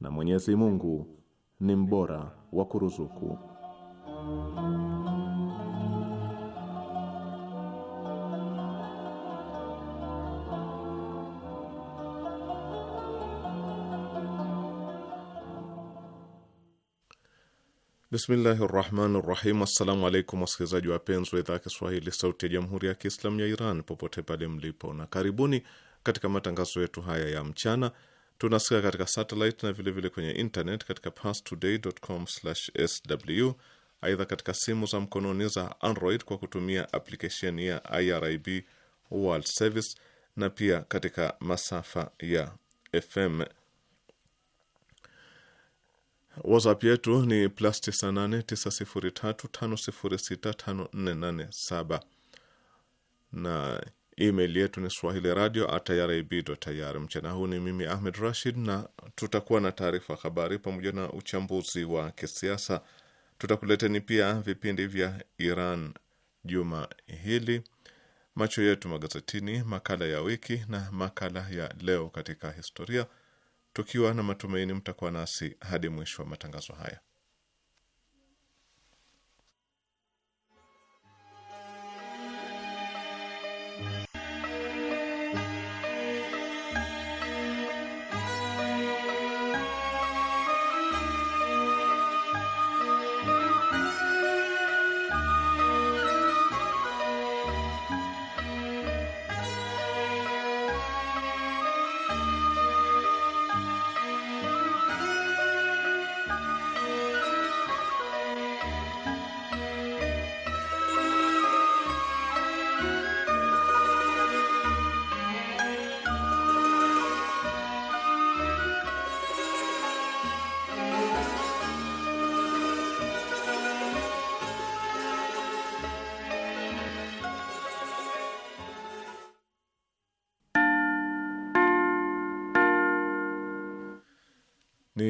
na Mwenyezi Mungu ni mbora wa kuruzuku. Bismillahi rahmani rahim. Assalamu alaikum wasikilizaji wapenzi wa idhaa ya Kiswahili sauti ya jamhuri ya Kiislamu ya Iran popote pale mlipo, na karibuni katika matangazo yetu haya ya mchana Tunasikia katika satellite na vilevile vile kwenye internet katika pastoday.com/sw. Aidha, katika simu za mkononi za Android kwa kutumia application ya IRIB World Service na pia katika masafa ya FM. WhatsApp yetu ni plus 989035065487 na Email yetu ni swahili radio @irib.ir. Mchana huu ni mimi Ahmed Rashid, na tutakuwa na taarifa habari pamoja na uchambuzi wa kisiasa. Tutakuleteni pia vipindi vya Iran juma hili, macho yetu magazetini, makala ya wiki na makala ya leo katika historia, tukiwa na matumaini mtakuwa nasi hadi mwisho wa matangazo haya.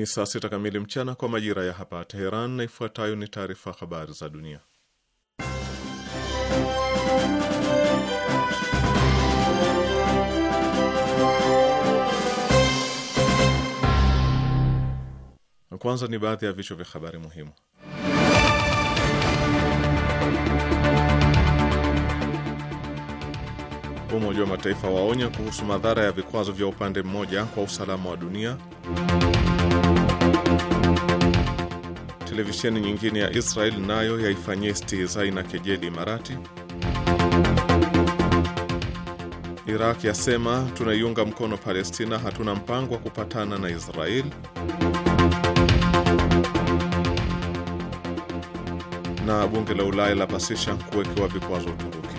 saa sita kamili mchana kwa majira ya hapa Teheran, na ifuatayo ni taarifa habari za dunia. Kwanza ni baadhi ya vichwa vya habari muhimu. Umoja wa Mataifa waonya kuhusu madhara ya vikwazo vya upande mmoja kwa usalama wa dunia. televisheni nyingine ya Israel nayo yaifanyia istihizai na kejeli Imarati. Iraq yasema tunaiunga mkono Palestina, hatuna mpango wa kupatana na Israel. Na bunge la Ulaya lapasisha kuwekewa vikwazo Uturuki.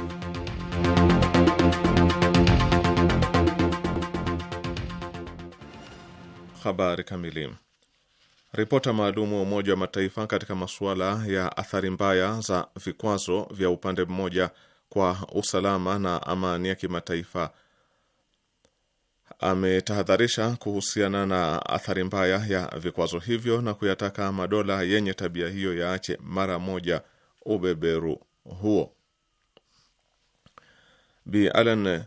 Habari kamili. Ripota maalumu wa Umoja wa Mataifa katika masuala ya athari mbaya za vikwazo vya upande mmoja kwa usalama na amani ya kimataifa ametahadharisha kuhusiana na athari mbaya ya vikwazo hivyo na kuyataka madola yenye tabia hiyo yaache mara moja ubeberu huo. Bi Alan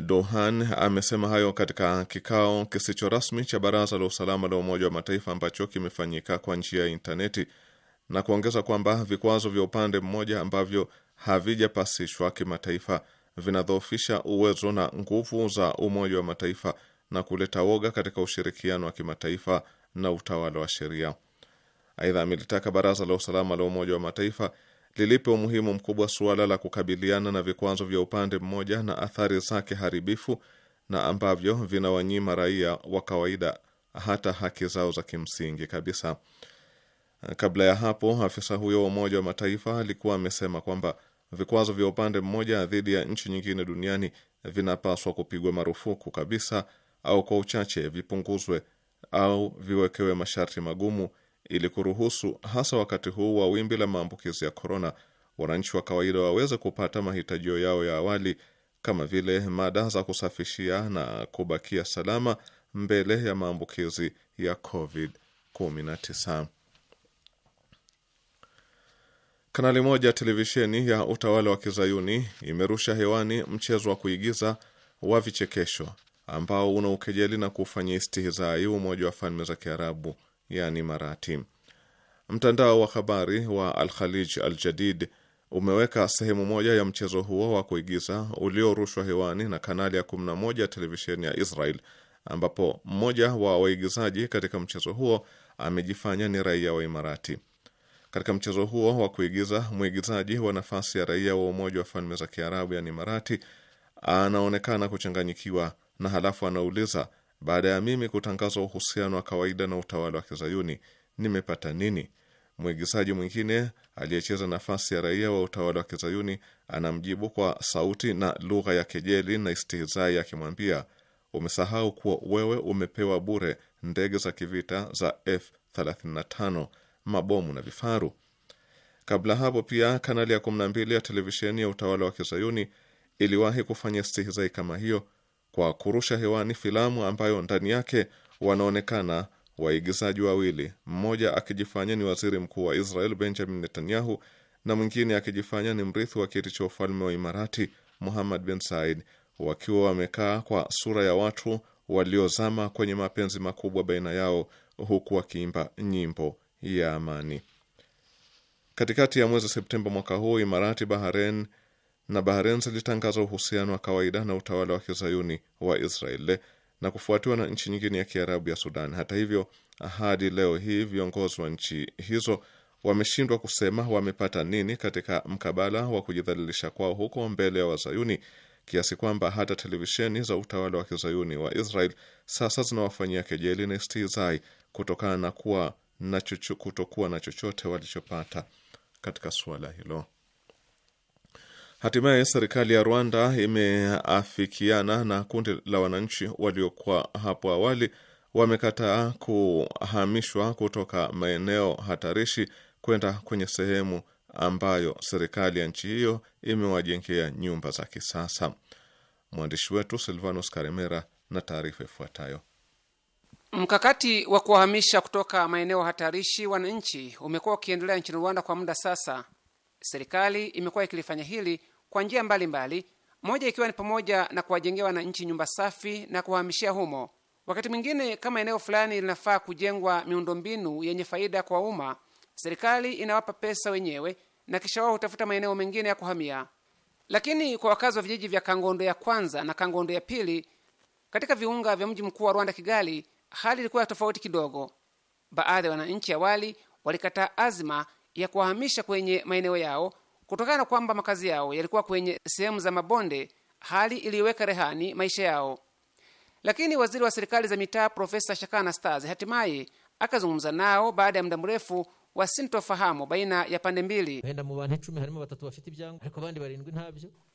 Dohan amesema hayo katika kikao kisicho rasmi cha Baraza la Usalama la Umoja wa Mataifa ambacho kimefanyika kwa njia ya intaneti na kuongeza kwamba vikwazo vya upande mmoja ambavyo havijapasishwa kimataifa vinadhoofisha uwezo na nguvu za Umoja wa Mataifa na kuleta woga katika ushirikiano wa kimataifa na utawala wa sheria. Aidha, amelitaka Baraza la Usalama la Umoja wa Mataifa lilipe umuhimu mkubwa suala la kukabiliana na vikwazo vya upande mmoja na athari zake haribifu na ambavyo vinawanyima raia wa kawaida hata haki zao za kimsingi kabisa. Kabla ya hapo, afisa huyo wa Umoja wa Mataifa alikuwa amesema kwamba vikwazo vya upande mmoja dhidi ya nchi nyingine duniani vinapaswa kupigwa marufuku kabisa, au kwa uchache vipunguzwe au viwekewe masharti magumu ili kuruhusu hasa wakati huu wa wimbi la maambukizi ya korona, wananchi wa kawaida waweze kupata mahitajio yao ya awali kama vile mada za kusafishia na kubakia salama mbele ya maambukizi ya COVID-19. Kanali moja televisheni ya utawala wa kizayuni imerusha hewani mchezo wa kuigiza wa vichekesho ambao una ukejeli na kufanya istihizai Umoja wa Falme za Kiarabu yani Marati. Mtandao wa habari wa alkhalij aljadid umeweka sehemu moja ya mchezo huo wa kuigiza uliorushwa hewani na kanali ya 11 ya televisheni ya Israel, ambapo mmoja wa waigizaji katika mchezo huo amejifanya ni raia wa Imarati. Katika mchezo huo wa kuigiza, mwigizaji wa nafasi ya raia wa Umoja wa Falme za Kiarabu, yani Imarati, anaonekana kuchanganyikiwa na halafu anauliza baada ya mimi kutangaza uhusiano wa kawaida na utawala wa kizayuni nimepata nini? Mwigizaji mwingine aliyecheza nafasi ya raia wa utawala wa kizayuni anamjibu kwa sauti na lugha ya kejeli na istihizai akimwambia, umesahau kuwa wewe umepewa bure ndege za kivita za F35, mabomu na vifaru. Kabla hapo pia kanali ya 12 ya televisheni ya utawala wa kizayuni iliwahi kufanya istihizai kama hiyo kwa kurusha hewani filamu ambayo ndani yake wanaonekana waigizaji wawili, mmoja akijifanya ni waziri mkuu wa Israel Benjamin Netanyahu na mwingine akijifanya ni mrithi wa kiti cha ufalme wa Imarati Muhammad bin Said, wakiwa wamekaa kwa sura ya watu waliozama kwenye mapenzi makubwa baina yao, huku wakiimba nyimbo ya amani. Katikati ya mwezi Septemba mwaka huu, Imarati, Bahrain na Bahrain zilitangaza uhusiano wa kawaida na utawala wa kizayuni wa Israel na kufuatiwa na nchi nyingine ya kiarabu ya Sudan. Hata hivyo, hadi leo hii viongozi wa nchi hizo wameshindwa kusema wamepata nini katika mkabala wa kujidhalilisha kwao huko mbele ya wazayuni, kiasi kwamba hata televisheni za utawala wa kizayuni wa Israel sasa zinawafanyia kejeli na istihzai kutokana na kuwa na chuchu, kutokuwa na chochote walichopata katika suala hilo. Hatimaye serikali ya Rwanda imeafikiana na kundi la wananchi waliokuwa hapo awali wamekataa kuhamishwa kutoka maeneo hatarishi kwenda kwenye sehemu ambayo serikali ya nchi hiyo imewajengea nyumba za kisasa. Mwandishi wetu Silvanus Karemera na taarifa ifuatayo. Mkakati wa kuwahamisha kutoka maeneo hatarishi wananchi umekuwa ukiendelea nchini Rwanda kwa muda sasa. Serikali imekuwa ikilifanya hili kwa njia mbalimbali, moja ikiwa ni pamoja na kuwajengea wananchi nyumba safi na kuwahamishia humo. Wakati mwingine, kama eneo fulani linafaa kujengwa miundombinu yenye faida kwa umma, serikali inawapa pesa wenyewe na kisha wao hutafuta maeneo mengine ya kuhamia. Lakini kwa wakazi wa vijiji vya Kangondo ya kwanza na Kangondo ya pili katika viunga vya mji mkuu wa Rwanda, Kigali, hali ilikuwa tofauti kidogo. Baadhi ya wananchi awali walikataa azma ya kuwahamisha kwenye maeneo yao Kutokana na kwamba makazi yao yalikuwa kwenye sehemu za mabonde, hali iliyoweka rehani maisha yao. Lakini waziri wa serikali za mitaa Profesa Shakana Stars hatimaye akazungumza nao baada ya muda mrefu wa sintofahamu baina ya pande mbili.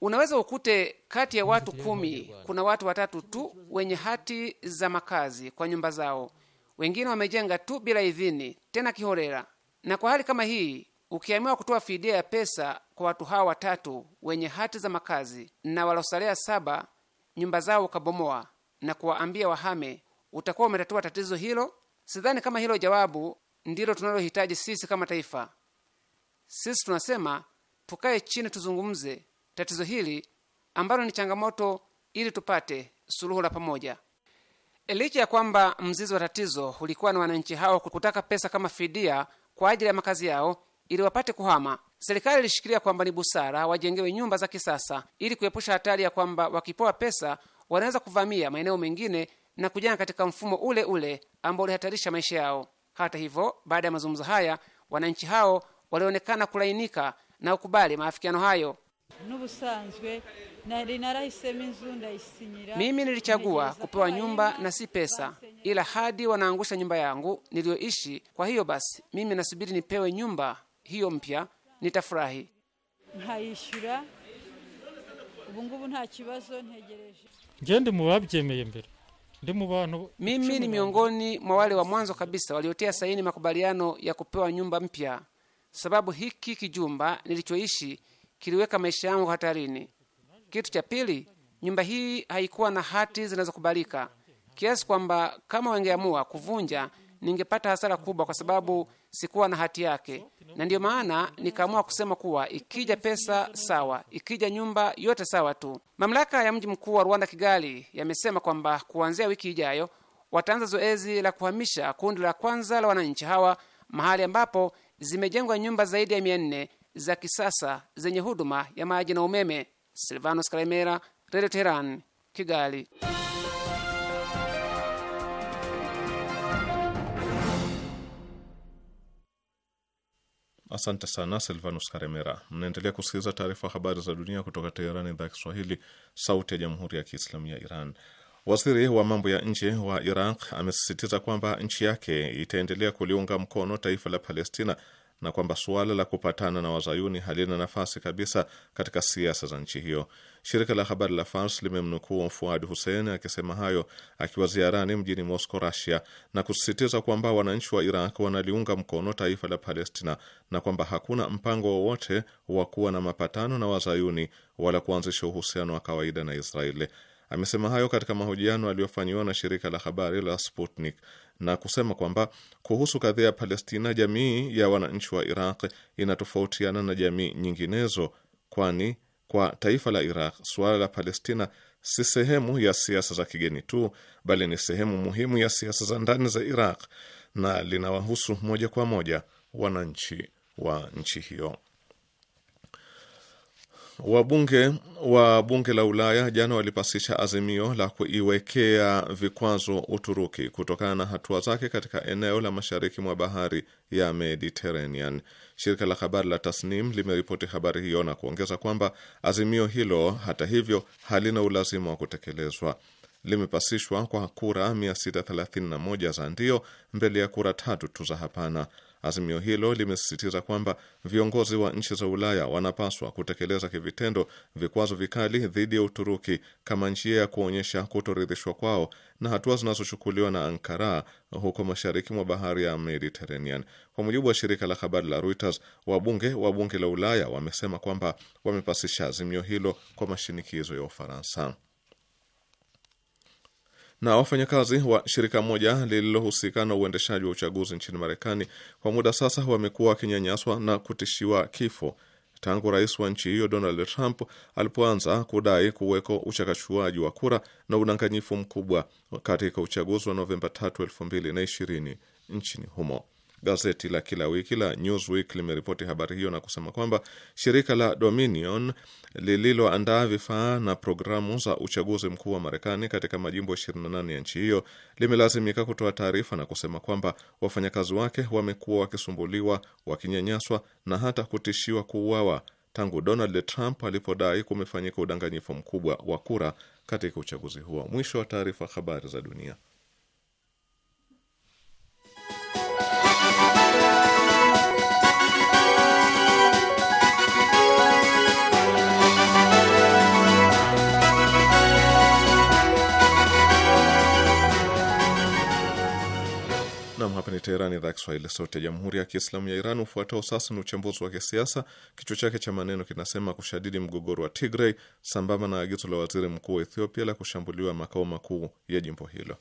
Unaweza ukute kati ya watu kumi kuna watu watatu tu wenye hati za makazi kwa nyumba zao, wengine wamejenga tu bila idhini, tena kiholela. Na kwa hali kama hii Ukiamua kutoa fidia ya pesa kwa watu hawa watatu wenye hati za makazi na walosalea saba, nyumba zao ukabomoa na kuwaambia wahame, utakuwa umetatua tatizo hilo? Sidhani kama hilo jawabu ndilo tunalohitaji sisi kama taifa. Sisi tunasema tukae chini, tuzungumze tatizo hili ambalo ni changamoto, ili tupate suluhu la pamoja. Licha ya kwamba mzizi wa tatizo ulikuwa na wananchi hao kutaka pesa kama fidia kwa ajili ya makazi yao, ili wapate kuhama. Serikali ilishikilia kwamba ni busara wajengewe nyumba za kisasa ili kuepusha hatari ya kwamba wakipewa pesa wanaweza kuvamia maeneo mengine na kujenga katika mfumo ule ule ambao ulihatarisha maisha yao. Hata hivyo, baada ya mazungumzo haya, wananchi hao walionekana kulainika na ukubali maafikiano hayo. Mimi nilichagua kupewa nyumba na si pesa, ila hadi wanaangusha nyumba yangu niliyoishi. Kwa hiyo basi, mimi nasubiri nipewe nyumba hiyo mpya nitafurahi. nkayishyura ubu ngubu nta kibazo ntegereje. Nje ndi mu babyemeye mbere, ndi mu bantu. Mimi ni miongoni mwa wale wa mwanzo kabisa waliotia saini makubaliano ya kupewa nyumba mpya, sababu hiki kijumba nilichoishi kiliweka maisha yangu hatarini. Kitu cha pili, nyumba hii haikuwa na hati zinazokubalika kiasi kwamba kama wangeamua kuvunja ningepata hasara kubwa, kwa sababu sikuwa na hati yake, na ndiyo maana nikaamua kusema kuwa ikija pesa sawa, ikija nyumba yote sawa tu. Mamlaka ya mji mkuu wa Rwanda, Kigali, yamesema kwamba kuanzia wiki ijayo wataanza zoezi la kuhamisha kundi la kwanza la wananchi hawa mahali ambapo zimejengwa nyumba zaidi ya mia nne za kisasa zenye huduma ya maji na umeme. silvanos Kalemera, Redio Teheran, Kigali. Asante sana Silvanus Karemera. Mnaendelea kusikiliza taarifa ya habari za dunia kutoka Teheran, idhaa ya Kiswahili, sauti ya jamhuri ya kiislamu ya Iran. Waziri wa mambo ya nje wa Iraq amesisitiza kwamba nchi yake itaendelea kuliunga mkono taifa la Palestina na kwamba suala la kupatana na wazayuni halina nafasi kabisa katika siasa za nchi hiyo. Shirika la habari la Fars limemnukuu Fuad Hussein akisema hayo akiwa ziarani mjini Moscow, Russia, na kusisitiza kwamba wananchi wa Iraq wanaliunga mkono taifa la Palestina na kwamba hakuna mpango wowote wa kuwa na mapatano na wazayuni wala kuanzisha uhusiano wa kawaida na Israeli. Amesema hayo katika mahojiano aliyofanyiwa na shirika la habari la Sputnik na kusema kwamba kuhusu kadhia ya Palestina, jamii ya wananchi wa Iraq inatofautiana na jamii nyinginezo, kwani kwa taifa la Iraq suala la Palestina si sehemu ya siasa za kigeni tu, bali ni sehemu muhimu ya siasa za ndani za Iraq na linawahusu moja kwa moja wananchi wa nchi hiyo. Wabunge wa bunge la Ulaya jana walipasisha azimio la kuiwekea vikwazo Uturuki kutokana na hatua zake katika eneo la mashariki mwa bahari ya Mediterranean. Shirika la habari la Tasnim limeripoti habari hiyo na kuongeza kwamba azimio hilo hata hivyo halina ulazima wa kutekelezwa. Limepasishwa kwa kura 631 za ndio mbele ya kura tatu tu za hapana. Azimio hilo limesisitiza kwamba viongozi wa nchi za Ulaya wanapaswa kutekeleza kivitendo vikwazo vikali dhidi ya Uturuki kama njia ya kuonyesha kutoridhishwa kwao na hatua zinazochukuliwa na Ankara huko mashariki mwa bahari ya Mediterranean. Kwa mujibu wa shirika la habari la Reuters, wabunge wa bunge la Ulaya wamesema kwamba wamepasisha azimio hilo kwa mashinikizo ya Ufaransa. Na wafanyakazi wa shirika moja lililohusika na uendeshaji wa uchaguzi nchini Marekani kwa muda sasa wamekuwa wakinyanyaswa na kutishiwa kifo tangu rais wa nchi hiyo Donald Trump alipoanza kudai kuweko uchakachuaji wa kura na udanganyifu mkubwa katika uchaguzi wa Novemba 3, 2020 nchini humo. Gazeti la kila wiki la Newsweek limeripoti habari hiyo na kusema kwamba shirika la Dominion lililoandaa vifaa na programu za uchaguzi mkuu wa Marekani katika majimbo 28 ya nchi hiyo limelazimika kutoa taarifa na kusema kwamba wafanyakazi wake wamekuwa wakisumbuliwa, wakinyanyaswa na hata kutishiwa kuuawa tangu Donald Trump alipodai kumefanyika udanganyifu mkubwa wa kura katika uchaguzi huo. Mwisho wa taarifa. Habari za dunia. hapa ni Teherani, idhaa Kiswahili, sauti ya jamhuri ya kiislamu ya Iran. Ufuatao sasa ni uchambuzi wa kisiasa, kichwa chake cha maneno kinasema kushadidi mgogoro wa Tigray sambamba na agizo la waziri mkuu wa Ethiopia la kushambuliwa makao makuu ya jimbo hilo.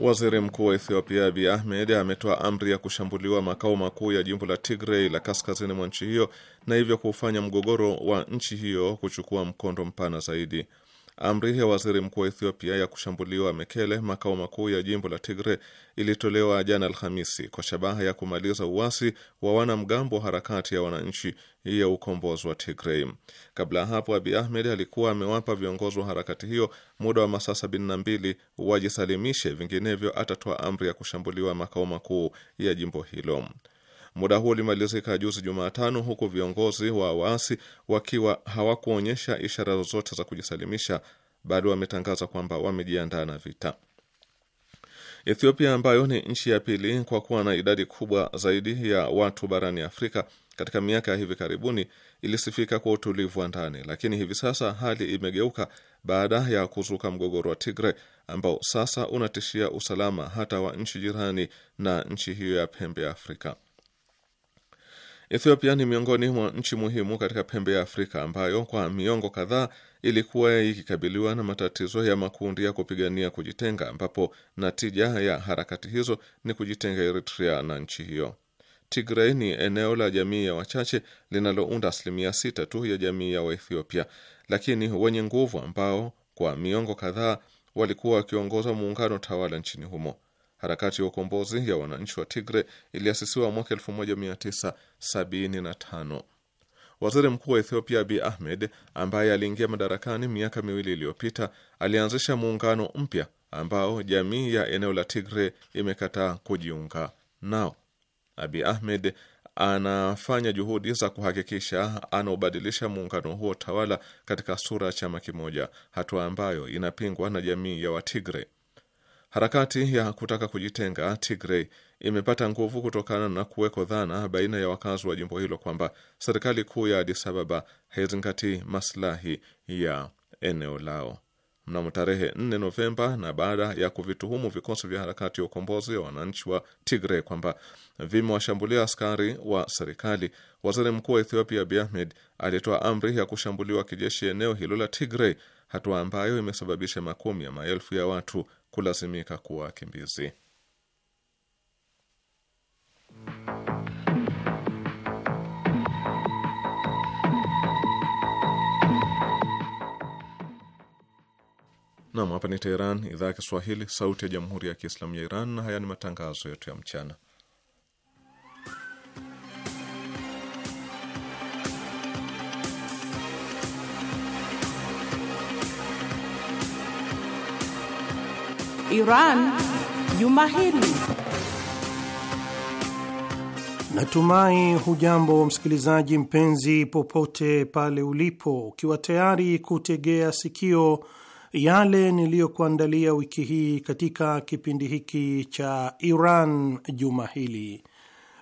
Waziri mkuu wa Ethiopia Abiy Ahmed ametoa amri ya kushambuliwa makao makuu ya jimbo la Tigray la kaskazini mwa nchi hiyo na hivyo kuufanya mgogoro wa nchi hiyo kuchukua mkondo mpana zaidi. Amri ya waziri mkuu wa Ethiopia ya kushambuliwa Mekele, makao makuu ya jimbo la Tigre, ilitolewa jana Alhamisi kwa shabaha ya kumaliza uasi wa wanamgambo wa harakati ya wananchi ya ukombozi wa Tigrei. Kabla ya hapo, Abi Ahmed alikuwa amewapa viongozi wa harakati hiyo muda wa masaa sabini na mbili wajisalimishe, vinginevyo atatoa amri ya kushambuliwa makao makuu ya jimbo hilo. Muda huo ulimalizika juzi Jumatano, huku viongozi wa waasi wakiwa hawakuonyesha ishara zozote za kujisalimisha, bado wametangaza kwamba wamejiandaa na vita. Ethiopia ambayo ni nchi ya pili kwa kuwa na idadi kubwa zaidi ya watu barani Afrika katika miaka ya hivi karibuni ilisifika kwa utulivu wa ndani, lakini hivi sasa hali imegeuka baada ya kuzuka mgogoro wa Tigre ambao sasa unatishia usalama hata wa nchi jirani na nchi hiyo ya pembe ya Afrika. Ethiopia ni miongoni mwa nchi muhimu katika pembe ya Afrika ambayo kwa miongo kadhaa ilikuwa ikikabiliwa na matatizo ya makundi ya kupigania kujitenga, ambapo natija ya harakati hizo ni kujitenga Eritrea na nchi hiyo. Tigrei ni eneo la jamii ya wachache linalounda asilimia sita tu ya jamii ya Waethiopia, lakini wenye nguvu ambao kwa miongo kadhaa walikuwa wakiongoza muungano tawala nchini humo. Harakati ya ukombozi ya wananchi wa Tigre iliasisiwa mwaka 1975. Waziri mkuu wa Ethiopia Abiy Ahmed, ambaye aliingia madarakani miaka miwili iliyopita, alianzisha muungano mpya ambao jamii ya eneo la Tigre imekataa kujiunga nao. Abiy Ahmed anafanya juhudi za kuhakikisha anaubadilisha muungano huo tawala katika sura ya chama kimoja, hatua ambayo inapingwa na jamii ya Watigre. Harakati ya kutaka kujitenga Tigray imepata nguvu kutokana na kuweko dhana baina ya wakazi wa jimbo hilo kwamba serikali kuu ya Addis Ababa haizingatii maslahi ya eneo lao. Mnamo tarehe 4 Novemba na baada ya kuvituhumu vikosi vya harakati ya ukombozi wa wananchi wa Tigray kwamba vimewashambulia askari wa serikali, waziri mkuu wa Ethiopia Abiy Ahmed alitoa amri ya kushambuliwa kijeshi eneo hilo la Tigray, hatua ambayo imesababisha makumi ya maelfu ya watu kulazimika kuwa wakimbizi. Nam, hapa ni Teheran, idhaa ya Kiswahili, sauti ya jamhuri ya kiislamu ya Iran, na haya ni matangazo yetu ya mchana. Iran juma hili. Natumai hujambo msikilizaji mpenzi, popote pale ulipo, ukiwa tayari kutegea sikio yale niliyokuandalia wiki hii katika kipindi hiki cha Iran juma hili.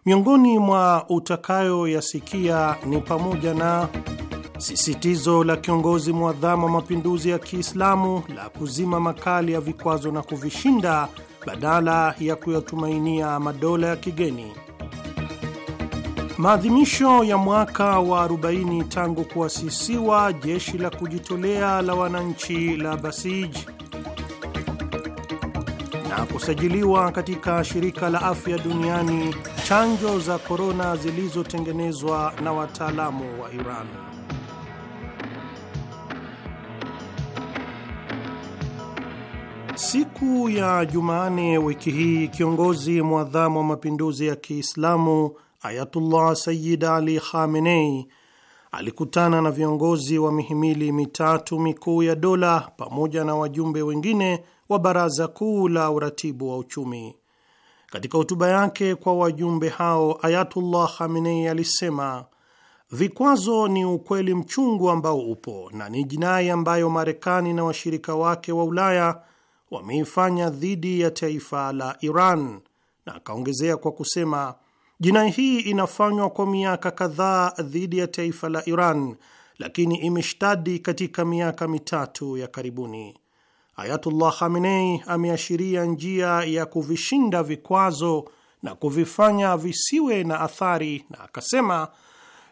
Miongoni mwa utakayoyasikia ni pamoja na Sisitizo la kiongozi mwadhamu wa mapinduzi ya Kiislamu la kuzima makali ya vikwazo na kuvishinda badala ya kuyatumainia madola ya kigeni. Maadhimisho ya mwaka wa 40 tangu kuasisiwa jeshi la kujitolea la wananchi la Basij na kusajiliwa katika shirika la afya duniani chanjo za korona zilizotengenezwa na wataalamu wa Iran. Siku ya Jumane wiki hii kiongozi mwadhamu wa mapinduzi ya Kiislamu Ayatullah Sayyid Ali Khamenei alikutana na viongozi wa mihimili mitatu mikuu ya dola pamoja na wajumbe wengine wa baraza kuu la uratibu wa uchumi. Katika hotuba yake kwa wajumbe hao, Ayatullah Khamenei alisema vikwazo ni ukweli mchungu ambao upo na ni jinai ambayo Marekani na washirika wake wa Ulaya wameifanya dhidi ya taifa la Iran, na akaongezea kwa kusema jinai hii inafanywa kwa miaka kadhaa dhidi ya taifa la Iran, lakini imeshtadi katika miaka mitatu ya karibuni. Ayatullah Khamenei ameashiria njia ya kuvishinda vikwazo na kuvifanya visiwe na athari, na akasema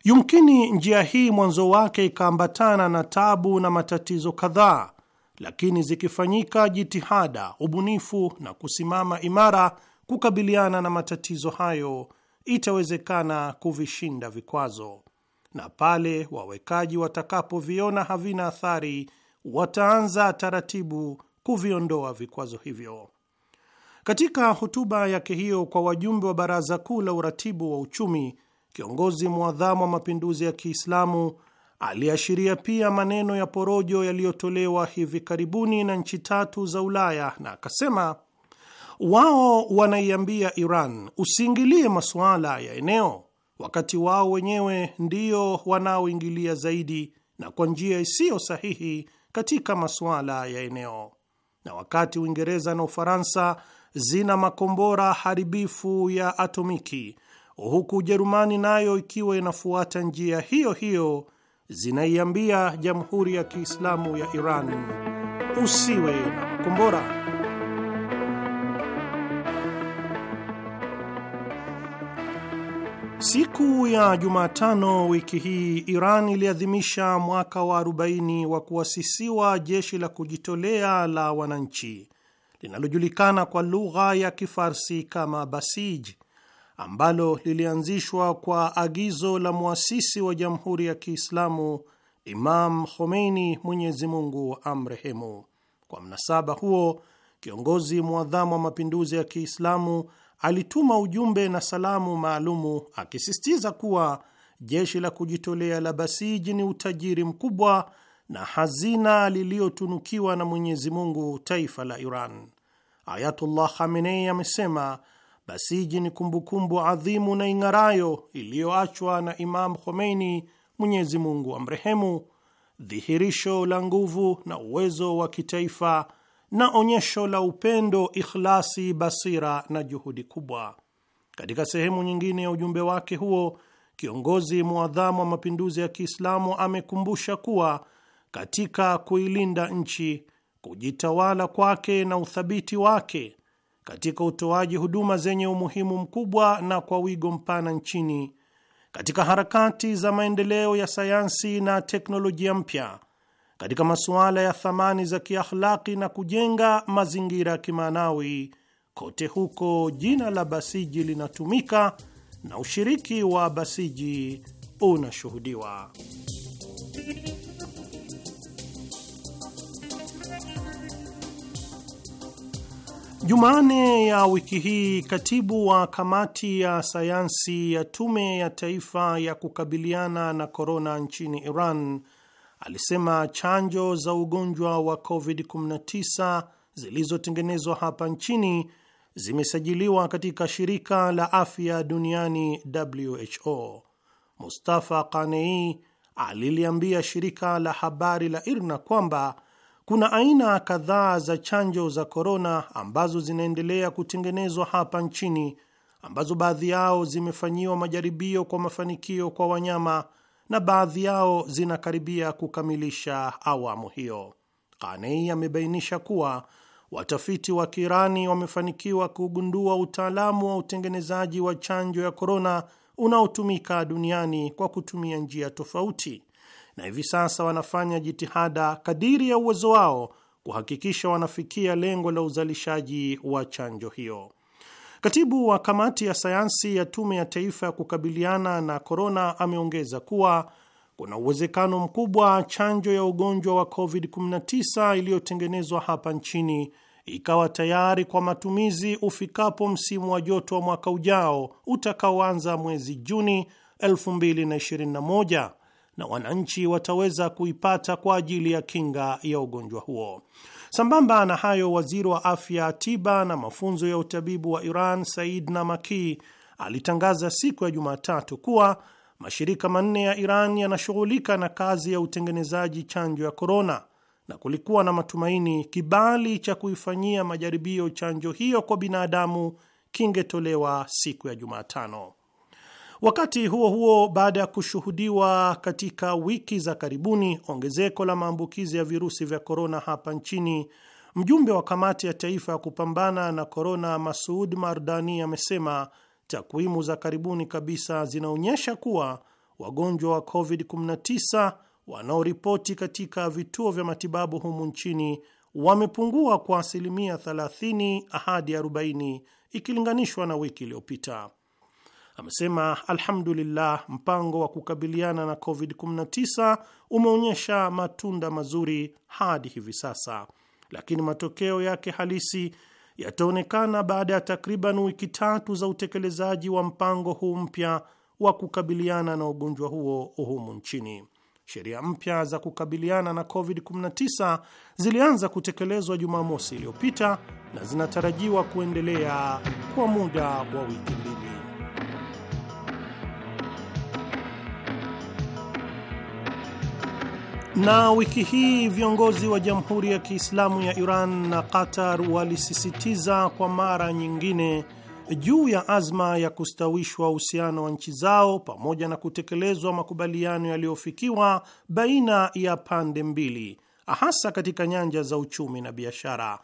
yumkini njia hii mwanzo wake ikaambatana na tabu na matatizo kadhaa lakini zikifanyika jitihada, ubunifu na kusimama imara kukabiliana na matatizo hayo, itawezekana kuvishinda vikwazo, na pale wawekaji watakapoviona havina athari, wataanza taratibu kuviondoa vikwazo hivyo. Katika hotuba yake hiyo kwa wajumbe wa Baraza Kuu la Uratibu wa Uchumi, kiongozi mwadhamu wa mapinduzi ya Kiislamu Aliashiria pia maneno ya porojo yaliyotolewa hivi karibuni na nchi tatu za Ulaya na akasema wao wanaiambia Iran usiingilie masuala ya eneo, wakati wao wenyewe ndio wanaoingilia zaidi na kwa njia isiyo sahihi katika masuala ya eneo. Na wakati Uingereza na Ufaransa zina makombora haribifu ya atomiki, huku Ujerumani nayo ikiwa inafuata njia hiyo hiyo zinaiambia Jamhuri ya Kiislamu ya Iran usiwe na makombora. Siku ya Jumatano wiki hii Iran iliadhimisha mwaka wa 40 wa kuasisiwa jeshi la kujitolea la wananchi linalojulikana kwa lugha ya Kifarsi kama Basij ambalo lilianzishwa kwa agizo la mwasisi wa Jamhuri ya Kiislamu Imam Khomeini, Mwenyezi Mungu amrehemu. Kwa mnasaba huo, kiongozi mwadhamu wa mapinduzi ya Kiislamu alituma ujumbe na salamu maalumu akisisitiza kuwa jeshi la kujitolea la Basiji ni utajiri mkubwa na hazina liliyotunukiwa na Mwenyezi Mungu taifa la Iran. Ayatullah Khamenei amesema basi hiji ni kumbukumbu adhimu na ing'arayo iliyoachwa na Imam Khomeini, Mwenyezi Mungu amrehemu, dhihirisho la nguvu na uwezo wa kitaifa na onyesho la upendo, ikhlasi, basira na juhudi kubwa. Katika sehemu nyingine ya ujumbe wake huo, kiongozi muadhamu wa mapinduzi ya Kiislamu amekumbusha kuwa katika kuilinda nchi, kujitawala kwake na uthabiti wake katika utoaji huduma zenye umuhimu mkubwa na kwa wigo mpana nchini katika harakati za maendeleo ya sayansi na teknolojia mpya, katika masuala ya thamani za kiakhlaki na kujenga mazingira ya kimaanawi. Kote huko jina la Basiji linatumika na ushiriki wa Basiji unashuhudiwa. Jumanne ya wiki hii katibu wa kamati ya sayansi ya tume ya taifa ya kukabiliana na korona nchini Iran alisema chanjo za ugonjwa wa COVID-19 zilizotengenezwa hapa nchini zimesajiliwa katika shirika la afya duniani WHO. Mustafa Kanei aliliambia shirika la habari la IRNA kwamba kuna aina kadhaa za chanjo za korona ambazo zinaendelea kutengenezwa hapa nchini ambazo baadhi yao zimefanyiwa majaribio kwa mafanikio kwa wanyama na baadhi yao zinakaribia kukamilisha awamu hiyo. Kanei amebainisha kuwa watafiti wa Kirani wamefanikiwa kugundua utaalamu wa utengenezaji wa chanjo ya korona unaotumika duniani kwa kutumia njia tofauti na hivi sasa wanafanya jitihada kadiri ya uwezo wao kuhakikisha wanafikia lengo la uzalishaji wa chanjo hiyo. Katibu wa kamati ya sayansi ya Tume ya Taifa ya Kukabiliana na Korona ameongeza kuwa kuna uwezekano mkubwa chanjo ya ugonjwa wa COVID-19 iliyotengenezwa hapa nchini ikawa tayari kwa matumizi ufikapo msimu wa joto wa mwaka ujao utakaoanza mwezi Juni 2021 na wananchi wataweza kuipata kwa ajili ya kinga ya ugonjwa huo. Sambamba na hayo, waziri wa afya, tiba na mafunzo ya utabibu wa Iran Said Namaki alitangaza siku ya Jumatatu kuwa mashirika manne ya Iran yanashughulika na kazi ya utengenezaji chanjo ya korona, na kulikuwa na matumaini kibali cha kuifanyia majaribio chanjo hiyo kwa binadamu kingetolewa siku ya Jumatano. Wakati huo huo, baada ya kushuhudiwa katika wiki za karibuni ongezeko la maambukizi ya virusi vya korona hapa nchini, mjumbe wa kamati ya taifa ya kupambana na korona Masud Mardani amesema takwimu za karibuni kabisa zinaonyesha kuwa wagonjwa wa COVID-19 wanaoripoti katika vituo vya matibabu humu nchini wamepungua kwa asilimia 30 hadi 40 ikilinganishwa na wiki iliyopita amesema alhamdulillah, mpango wa kukabiliana na COVID-19 umeonyesha matunda mazuri hadi hivi sasa, lakini matokeo yake halisi yataonekana baada ya takriban wiki tatu za utekelezaji wa mpango huu mpya wa kukabiliana na ugonjwa huo humu nchini. Sheria mpya za kukabiliana na COVID-19 zilianza kutekelezwa Jumamosi iliyopita na zinatarajiwa kuendelea kwa muda wa wiki mbili. Na wiki hii viongozi wa Jamhuri ya Kiislamu ya Iran na Qatar walisisitiza kwa mara nyingine juu ya azma ya kustawishwa uhusiano wa nchi zao pamoja na kutekelezwa makubaliano yaliyofikiwa baina ya pande mbili, hasa katika nyanja za uchumi na biashara.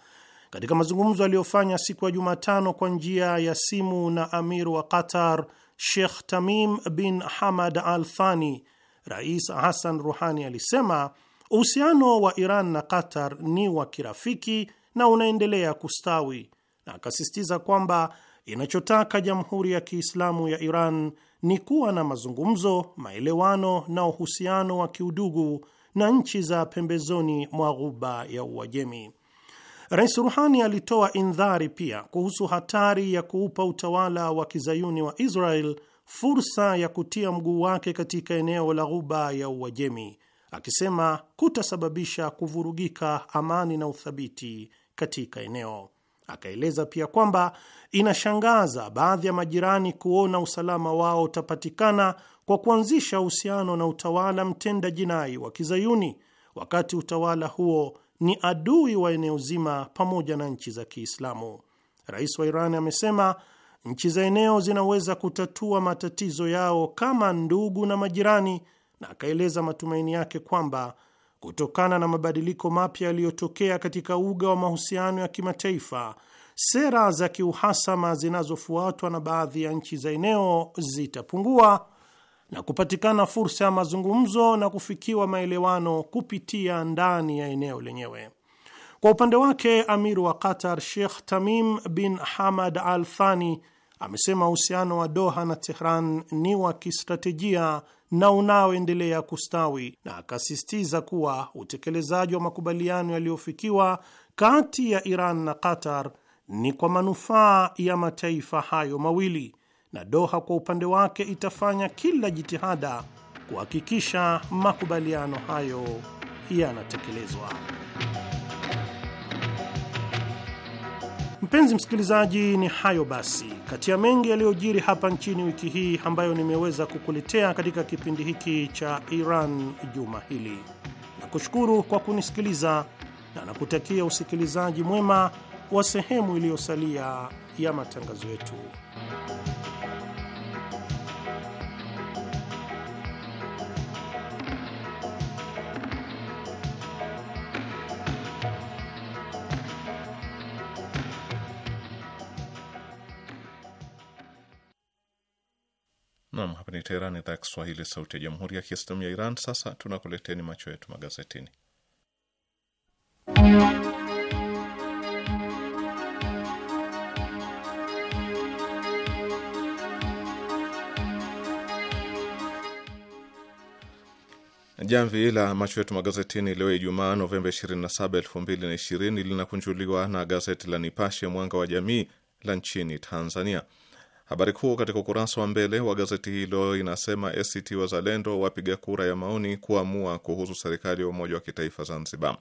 Katika mazungumzo aliyofanya siku ya Jumatano kwa njia ya simu na amir wa Qatar, Sheikh Tamim bin Hamad Al Thani, Rais Hassan Ruhani alisema uhusiano wa Iran na Qatar ni wa kirafiki na unaendelea kustawi, na akasisitiza kwamba inachotaka Jamhuri ya Kiislamu ya Iran ni kuwa na mazungumzo, maelewano na uhusiano wa kiudugu na nchi za pembezoni mwa Ghuba ya Uajemi. Rais Ruhani alitoa indhari pia kuhusu hatari ya kuupa utawala wa kizayuni wa Israel fursa ya kutia mguu wake katika eneo la Ghuba ya Uajemi, akisema kutasababisha kuvurugika amani na uthabiti katika eneo. Akaeleza pia kwamba inashangaza baadhi ya majirani kuona usalama wao utapatikana kwa kuanzisha uhusiano na utawala mtenda jinai wa Kizayuni, wakati utawala huo ni adui wa eneo zima pamoja na nchi za Kiislamu. Rais wa Iran amesema nchi za eneo zinaweza kutatua matatizo yao kama ndugu na majirani, na akaeleza matumaini yake kwamba kutokana na mabadiliko mapya yaliyotokea katika uga wa mahusiano ya kimataifa, sera za kiuhasama zinazofuatwa na baadhi ya nchi za eneo zitapungua na kupatikana fursa ya mazungumzo na kufikiwa maelewano kupitia ndani ya eneo lenyewe. Kwa upande wake, Amir wa Qatar Sheikh Tamim bin Hamad Al Thani amesema uhusiano wa Doha na Tehran ni wa kistratejia na unaoendelea kustawi na akasisitiza kuwa utekelezaji wa makubaliano yaliyofikiwa kati ya Iran na Qatar ni kwa manufaa ya mataifa hayo mawili na Doha kwa upande wake itafanya kila jitihada kuhakikisha makubaliano hayo yanatekelezwa. Mpenzi msikilizaji, ni hayo basi kati ya mengi yaliyojiri hapa nchini wiki hii ambayo nimeweza kukuletea katika kipindi hiki cha Iran juma hili. Nakushukuru kwa kunisikiliza na nakutakia usikilizaji mwema wa sehemu iliyosalia ya matangazo yetu. hapa ni Teherani, idhaa ya Kiswahili, sauti ya jamhuri ya kiislamu ya Iran. Sasa tunakuleteni macho yetu magazetini. Jamvi la macho yetu magazetini leo Ijumaa, Novemba 27, 2020 linakunjuliwa na gazeti la Nipashe Mwanga wa Jamii la nchini Tanzania. Habari kuu katika ukurasa wa mbele wa gazeti hilo inasema ACT Wazalendo wapiga kura ya maoni kuamua kuhusu serikali ya umoja wa kitaifa Zanzibar.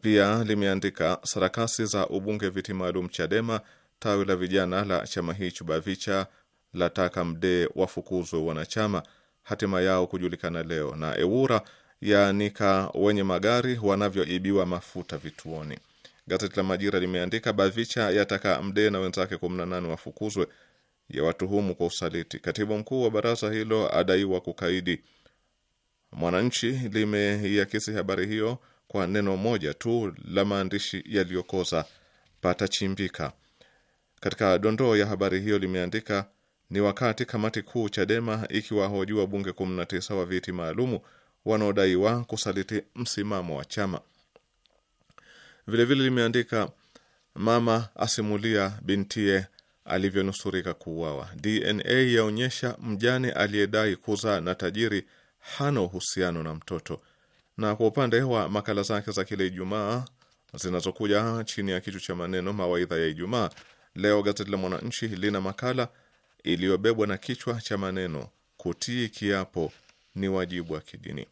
Pia limeandika sarakasi za ubunge viti maalum Chadema, tawi la vijana la chama hicho Bavicha lataka Mdee wafukuzwe wanachama, hatima yao kujulikana leo, na Ewura yaanika wenye magari wanavyoibiwa mafuta vituoni. Gazeti la Majira limeandika Bavicha yataka Mdee na wenzake 18 wafukuzwe ya watuhumu kwa usaliti. Katibu mkuu wa baraza hilo adaiwa kukaidi. Mwananchi limeiakisi habari hiyo kwa neno moja tu la maandishi yaliyokoza patachimbika. Katika dondoo ya habari hiyo limeandika ni wakati kamati kuu Chadema ikiwahojiwa bunge 19 wa viti maalumu wanaodaiwa kusaliti msimamo wa chama. Vilevile limeandika mama asimulia bintie alivyonusurika kuuawa. DNA yaonyesha mjane aliyedai kuzaa na tajiri hana uhusiano na mtoto. Na kwa upande wa makala zake za kila Ijumaa zinazokuja chini ya kichwa cha maneno mawaidha ya Ijumaa, leo gazeti la Mwananchi lina makala iliyobebwa na kichwa cha maneno kutii kiapo ni wajibu wa kidini.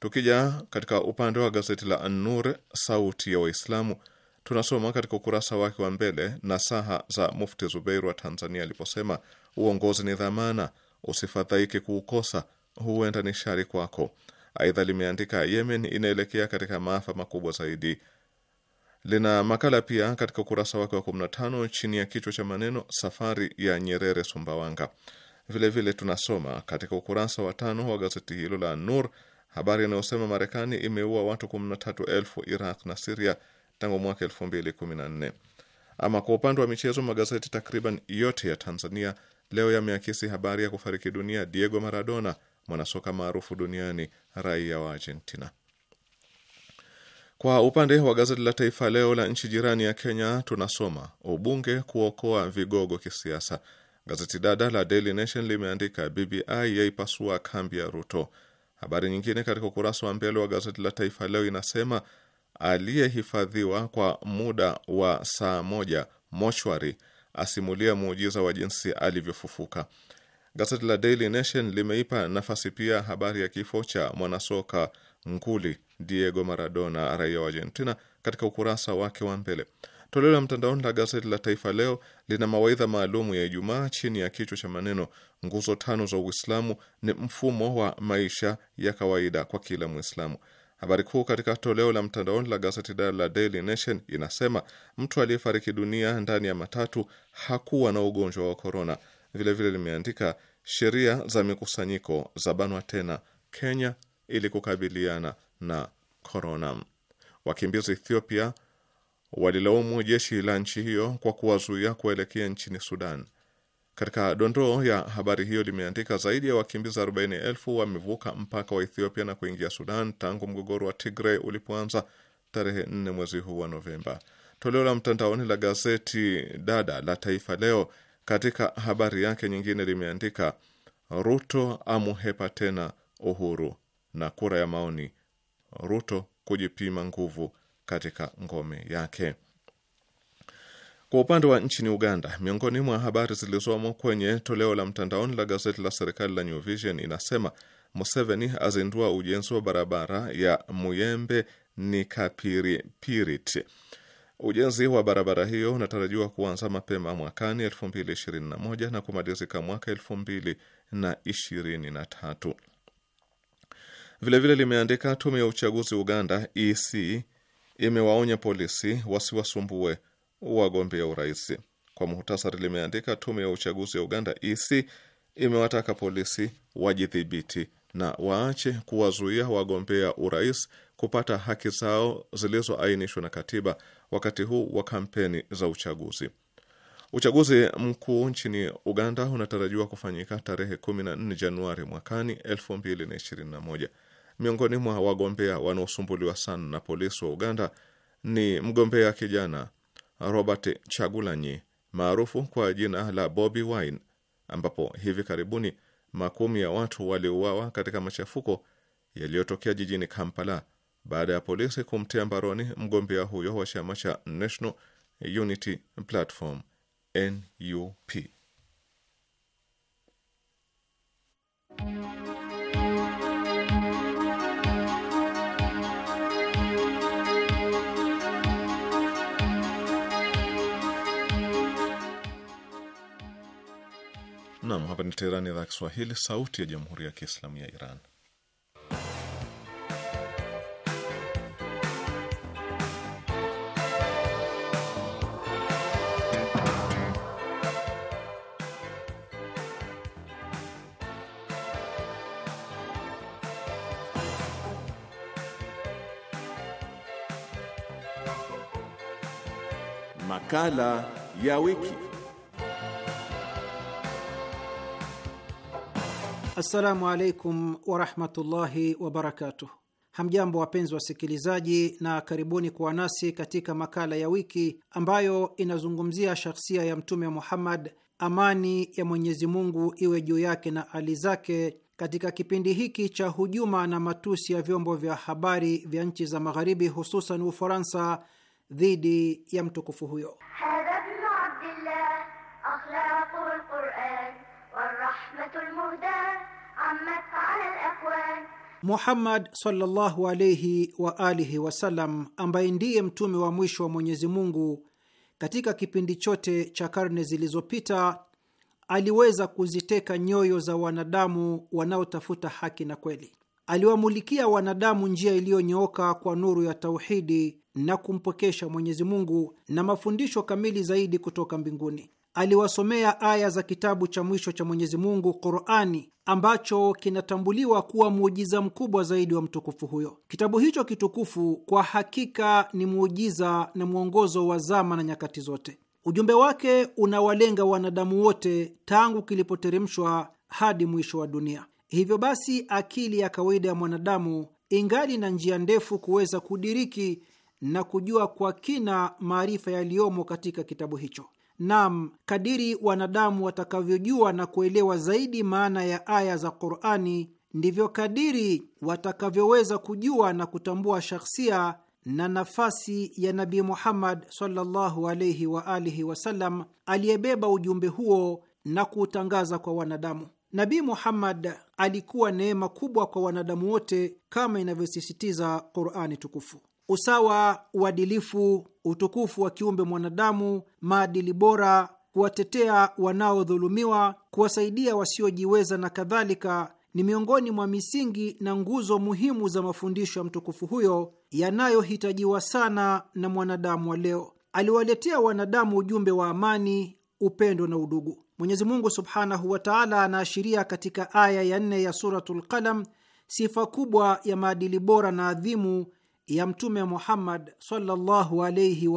Tukija katika upande wa gazeti la An-Nur sauti ya Waislamu Tunasoma katika ukurasa wake wa mbele nasaha za Mufti Zubeir wa Tanzania aliposema, uongozi ni dhamana, usifadhaike kuukosa, huenda ni shari kwako. Aidha limeandika Yemen inaelekea katika maafa makubwa zaidi. Lina makala pia katika ukurasa wake wa 15 chini ya kichwa cha maneno safari ya Nyerere Sumbawanga. Vilevile vile tunasoma katika ukurasa wa tano wa gazeti hilo la Nur habari inayosema Marekani imeua watu 13,000 Iraq na Siria tangu mwaka 2014. Ama kwa upande wa michezo, magazeti takriban yote ya Tanzania leo yameakisi habari ya kufariki dunia Diego Maradona, mwanasoka maarufu duniani, raia wa Argentina. Kwa upande wa gazeti la Taifa Leo la nchi jirani ya Kenya tunasoma ubunge kuokoa vigogo kisiasa. Gazeti dada la Daily Nation limeandika BBI yaipasua kambi ya Ruto. Habari nyingine katika ukurasa wa mbele wa gazeti la Taifa Leo inasema aliyehifadhiwa kwa muda wa saa moja mochwari asimulia muujiza wa jinsi alivyofufuka. Gazeti la Daily Nation limeipa nafasi pia habari ya kifo cha mwanasoka nguli Diego Maradona, raia wa Argentina, katika ukurasa wake wa mbele. Toleo la mtandaoni la gazeti la Taifa Leo lina mawaidha maalum ya Ijumaa chini ya kichwa cha maneno, nguzo tano za Uislamu ni mfumo wa maisha ya kawaida kwa kila Mwislamu. Habari kuu katika toleo la mtandaoni la gazeti dada la Daily Nation inasema mtu aliyefariki dunia ndani ya matatu hakuwa na ugonjwa wa korona. Vilevile limeandika sheria za mikusanyiko zabanwa tena Kenya ili kukabiliana na korona. Wakimbizi Ethiopia walilaumu jeshi la nchi hiyo kwa kuwazuia kuelekea nchini Sudan. Katika dondoo ya habari hiyo limeandika zaidi ya wakimbizi elfu wamevuka mpaka wa Ethiopia na kuingia Sudan tangu mgogoro wa Tigray ulipoanza tarehe 4 mwezi huu wa Novemba. Toleo la mtandaoni la gazeti dada la Taifa Leo katika habari yake nyingine limeandika Ruto amuhepa tena Uhuru na kura ya maoni Ruto kujipima nguvu katika ngome yake. Kwa upande wa nchini Uganda, miongoni mwa habari zilizomo kwenye toleo la mtandaoni la gazeti la serikali la New Vision inasema Museveni azindua ujenzi wa barabara ya Muyembe ni Kapiripirit. Ujenzi wa barabara hiyo unatarajiwa kuanza mapema mwakani 2021 na kumalizika mwaka 2023. Vilevile limeandika tume ya uchaguzi Uganda EC imewaonya polisi wasiwasumbue wagombea urais. Kwa muhtasari, limeandika tume ya uchaguzi ya Uganda EC imewataka polisi wajidhibiti na waache kuwazuia wagombea urais kupata haki zao zilizoainishwa na katiba wakati huu wa kampeni za uchaguzi. Uchaguzi mkuu nchini Uganda unatarajiwa kufanyika tarehe 14 Januari mwakani 2021. Miongoni mwa wagombea wanaosumbuliwa sana na polisi wa Uganda ni mgombea kijana Robert Chagulanyi maarufu kwa jina la Bobi Wine, ambapo hivi karibuni makumi ya watu waliuawa katika machafuko yaliyotokea jijini Kampala baada ya polisi kumtia mbaroni mgombea huyo wa chama cha National Unity Platform NUP. Naam, hapa ni Teherani, idhaa ya Kiswahili, sauti ya jamhuri ya kiislamu ya Iran. Makala ya wiki. Assalamu alaikum warahmatullahi wabarakatuh. Hamjambo wapenzi wasikilizaji, na karibuni kuwa nasi katika makala ya wiki ambayo inazungumzia shakhsia ya Mtume Muhammad, amani ya Mwenyezi Mungu iwe juu yake na ali zake, katika kipindi hiki cha hujuma na matusi ya vyombo vya habari vya nchi za Magharibi, hususan Ufaransa, dhidi ya mtukufu huyo. Muhammad sallallahu alayhi wa alihi wasallam, ambaye ndiye mtume wa mwisho wa Mwenyezi Mungu, katika kipindi chote cha karne zilizopita aliweza kuziteka nyoyo za wanadamu wanaotafuta haki na kweli. Aliwamulikia wanadamu njia iliyonyooka kwa nuru ya tauhidi na kumpokesha Mwenyezi Mungu na mafundisho kamili zaidi kutoka mbinguni aliwasomea aya za kitabu cha mwisho cha Mwenyezi Mungu, Qurani, ambacho kinatambuliwa kuwa muujiza mkubwa zaidi wa mtukufu huyo. Kitabu hicho kitukufu kwa hakika ni muujiza na mwongozo wa zama na nyakati zote. Ujumbe wake unawalenga wanadamu wote tangu kilipoteremshwa hadi mwisho wa dunia. Hivyo basi, akili ya kawaida ya mwanadamu ingali na njia ndefu kuweza kudiriki na kujua kwa kina maarifa yaliyomo katika kitabu hicho. Nam, kadiri wanadamu watakavyojua na kuelewa zaidi maana ya aya za Qurani, ndivyo kadiri watakavyoweza kujua na kutambua shakhsia na nafasi ya nabi Muhammad sallallahu wa alihi wasallam aliyebeba ujumbe huo na kuutangaza kwa wanadamu. nabi Muhammad alikuwa neema kubwa kwa wanadamu wote kama inavyosisitiza Qurani tukufu usawa, uadilifu, utukufu wa kiumbe mwanadamu, maadili bora, kuwatetea wanaodhulumiwa, kuwasaidia wasiojiweza na kadhalika, ni miongoni mwa misingi na nguzo muhimu za mafundisho ya mtukufu huyo yanayohitajiwa sana na mwanadamu wa leo. Aliwaletea wanadamu ujumbe wa amani, upendo na udugu. Mwenyezi Mungu subhanahu wa taala anaashiria katika aya ya nne ya Suratul Qalam sifa kubwa ya maadili bora na adhimu ya Mtume Muhammad sallallahu wa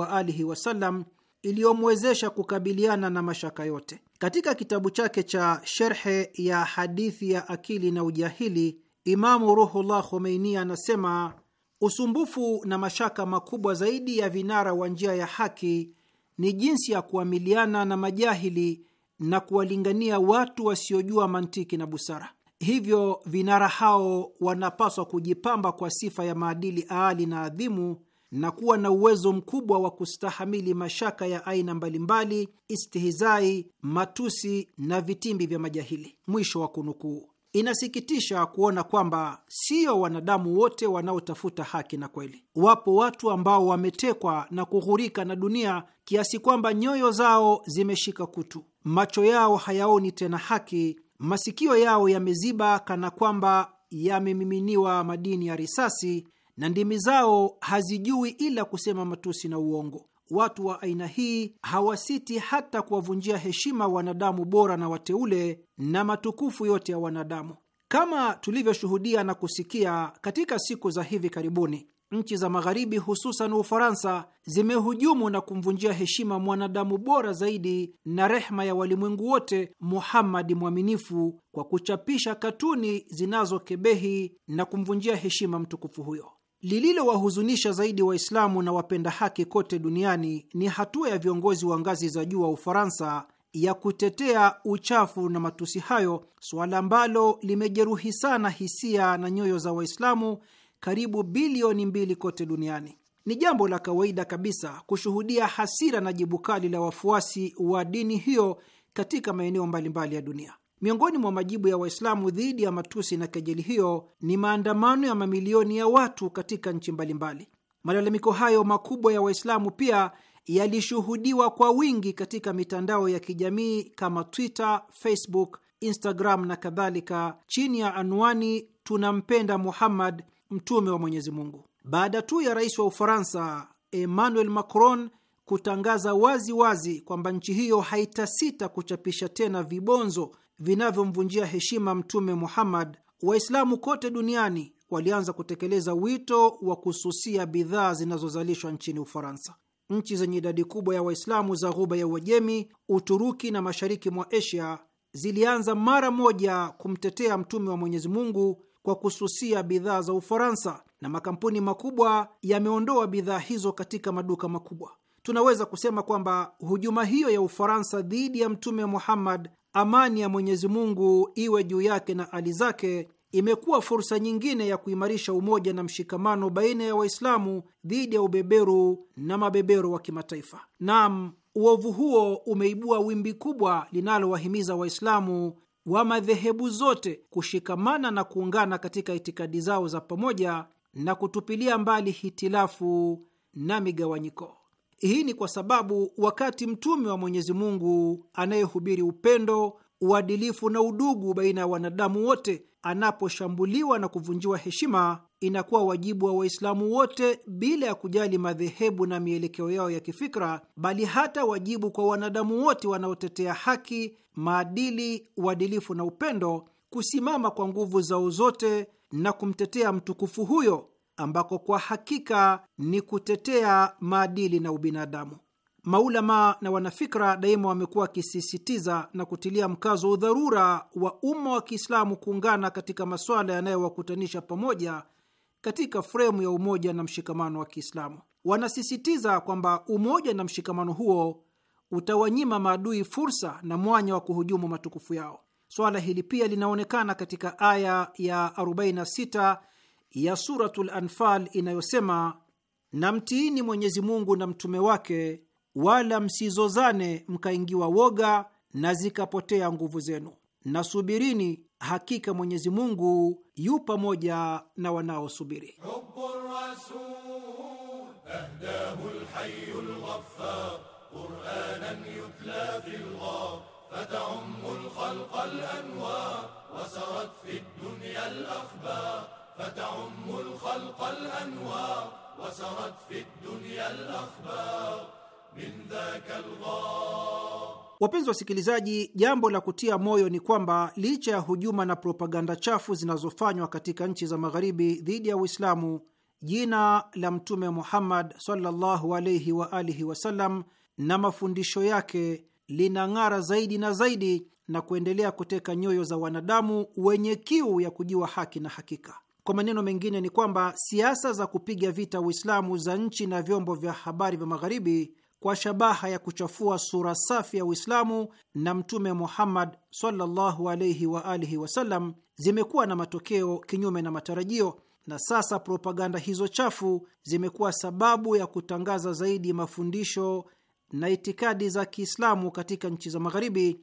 alihi wasallam iliyomwezesha kukabiliana na mashaka yote. Katika kitabu chake cha Sherhe ya Hadithi ya Akili na Ujahili, Imamu Ruhullah Khomeini anasema usumbufu na mashaka makubwa zaidi ya vinara wa njia ya haki ni jinsi ya kuamiliana na majahili na kuwalingania watu wasiojua mantiki na busara. Hivyo vinara hao wanapaswa kujipamba kwa sifa ya maadili aali na adhimu na kuwa na uwezo mkubwa wa kustahamili mashaka ya aina mbalimbali, istihizai, matusi na vitimbi vya majahili. Mwisho wa kunukuu. Inasikitisha kuona kwamba sio wanadamu wote wanaotafuta haki na kweli. Wapo watu ambao wametekwa na kughurika na dunia kiasi kwamba nyoyo zao zimeshika kutu, macho yao hayaoni tena haki masikio yao yameziba kana kwamba yamemiminiwa madini ya risasi, na ndimi zao hazijui ila kusema matusi na uongo. Watu wa aina hii hawasiti hata kuwavunjia heshima wanadamu bora na wateule na matukufu yote ya wanadamu, kama tulivyoshuhudia na kusikia katika siku za hivi karibuni nchi za Magharibi, hususan Ufaransa, zimehujumu na kumvunjia heshima mwanadamu bora zaidi na rehma ya walimwengu wote, Muhammadi mwaminifu, kwa kuchapisha katuni zinazokebehi na kumvunjia heshima mtukufu huyo. Lililowahuzunisha zaidi Waislamu na wapenda haki kote duniani ni hatua ya viongozi wa ngazi za juu wa Ufaransa ya kutetea uchafu na matusi hayo, suala ambalo limejeruhi sana hisia na nyoyo za Waislamu karibu bilioni mbili kote duniani. Ni jambo la kawaida kabisa kushuhudia hasira na jibu kali la wafuasi wa dini hiyo katika maeneo mbalimbali ya dunia. Miongoni mwa majibu ya Waislamu dhidi ya matusi na kejeli hiyo ni maandamano ya mamilioni ya watu katika nchi mbalimbali. Malalamiko hayo makubwa ya Waislamu pia yalishuhudiwa kwa wingi katika mitandao ya kijamii kama Twitter, Facebook, Instagram na kadhalika, chini ya anwani tunampenda Muhammad mtume wa Mwenyezi Mungu. Baada tu ya rais wa Ufaransa Emmanuel Macron kutangaza wazi wazi kwamba nchi hiyo haitasita kuchapisha tena vibonzo vinavyomvunjia heshima Mtume Muhammad, Waislamu kote duniani walianza kutekeleza wito wa kususia bidhaa zinazozalishwa nchini Ufaransa. Nchi zenye idadi kubwa ya Waislamu za Ghuba ya Uajemi, Uturuki na mashariki mwa Asia zilianza mara moja kumtetea Mtume wa Mwenyezi Mungu kwa kususia bidhaa za Ufaransa na makampuni makubwa yameondoa bidhaa hizo katika maduka makubwa. Tunaweza kusema kwamba hujuma hiyo ya Ufaransa dhidi ya Mtume Muhammad, amani ya Mwenyezi Mungu iwe juu yake na ali zake, imekuwa fursa nyingine ya kuimarisha umoja na mshikamano baina ya Waislamu dhidi ya ubeberu na mabeberu wa kimataifa. Naam, uovu huo umeibua wimbi kubwa linalowahimiza Waislamu wa madhehebu zote kushikamana na kuungana katika itikadi zao za pamoja na kutupilia mbali hitilafu na migawanyiko. Hii ni kwa sababu wakati Mtume wa Mwenyezi Mungu anayehubiri upendo, uadilifu na udugu baina ya wanadamu wote anaposhambuliwa na kuvunjiwa heshima, inakuwa wajibu wa Waislamu wote bila ya kujali madhehebu na mielekeo yao ya kifikra, bali hata wajibu kwa wanadamu wote wanaotetea haki, maadili, uadilifu na upendo, kusimama kwa nguvu zao zote na kumtetea mtukufu huyo, ambako kwa hakika ni kutetea maadili na ubinadamu. Maulama na wanafikra daima wamekuwa wakisisitiza na kutilia mkazo udharura wa umma wa Kiislamu kuungana katika masuala yanayowakutanisha pamoja katika fremu ya umoja na mshikamano wa Kiislamu. Wanasisitiza kwamba umoja na mshikamano huo utawanyima maadui fursa na mwanya wa kuhujumu matukufu yao. Swala hili pia linaonekana katika aya ya 46 ya Suratul Anfal inayosema, na mtiini Mwenyezi Mungu na mtume wake, wala msizozane mkaingiwa woga na zikapotea nguvu zenu, na subirini Hakika Mwenyezi Mungu yu pamoja na wanaosubiri. Wapenzi wasikilizaji, jambo la kutia moyo ni kwamba licha ya hujuma na propaganda chafu zinazofanywa katika nchi za Magharibi dhidi ya Uislamu, jina la Mtume Muhammad sallallahu alaihi wa alihi wasallam na mafundisho yake linang'ara zaidi na zaidi na kuendelea kuteka nyoyo za wanadamu wenye kiu ya kujua haki na hakika. Kwa maneno mengine, ni kwamba siasa za kupiga vita Uislamu za nchi na vyombo vya habari vya Magharibi kwa shabaha ya kuchafua sura safi ya Uislamu na Mtume Muhammad sallallahu alaihi wa alihi wasallam zimekuwa na matokeo kinyume na matarajio, na sasa propaganda hizo chafu zimekuwa sababu ya kutangaza zaidi mafundisho na itikadi za Kiislamu katika nchi za Magharibi,